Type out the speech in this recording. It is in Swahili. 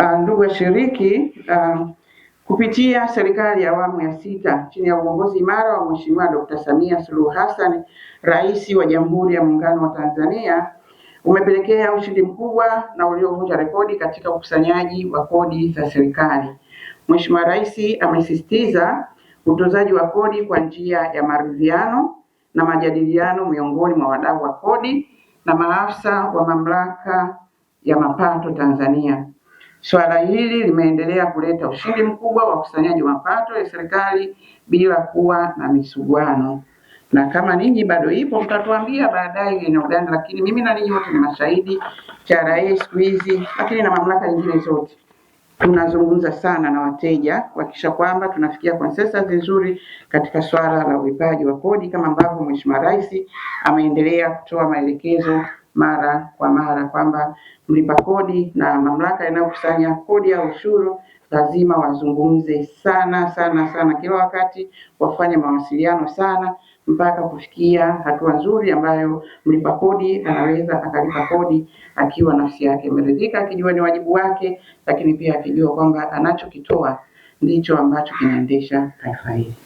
Uh, ndugu washiriki, uh, kupitia serikali ya awamu ya sita chini ya uongozi imara wa Mheshimiwa Dr. Samia Suluhu Hassan, Rais wa Jamhuri ya Muungano wa Tanzania, umepelekea ushindi mkubwa na uliovunja rekodi katika ukusanyaji wa kodi za serikali. Mheshimiwa Rais amesisitiza utozaji wa kodi kwa njia ya maridhiano na majadiliano miongoni mwa wadau wa kodi na maafisa wa Mamlaka ya Mapato Tanzania. Suala hili limeendelea kuleta ushindi mkubwa wa ukusanyaji wa mapato ya serikali bila kuwa na misuguano, na kama ninyi bado ipo mtatuambia baadaye eneo gani, lakini mimi na ninyi wote ni mashahidi. TRA siku hizi, lakini na mamlaka nyingine zote, tunazungumza sana na wateja kuhakikisha kwamba tunafikia consensus nzuri katika swala la ulipaji wa kodi, kama ambavyo Mheshimiwa Rais ameendelea kutoa maelekezo mara kwa mara kwamba mlipa kodi na mamlaka inayokusanya kodi au ushuru lazima wazungumze sana sana sana kila wakati, wafanye mawasiliano sana mpaka kufikia hatua nzuri ambayo mlipa kodi anaweza akalipa kodi akiwa nafsi yake imeridhika, akijua ni wajibu wake, lakini pia akijua kwamba anachokitoa ndicho ambacho kinaendesha taifa hili.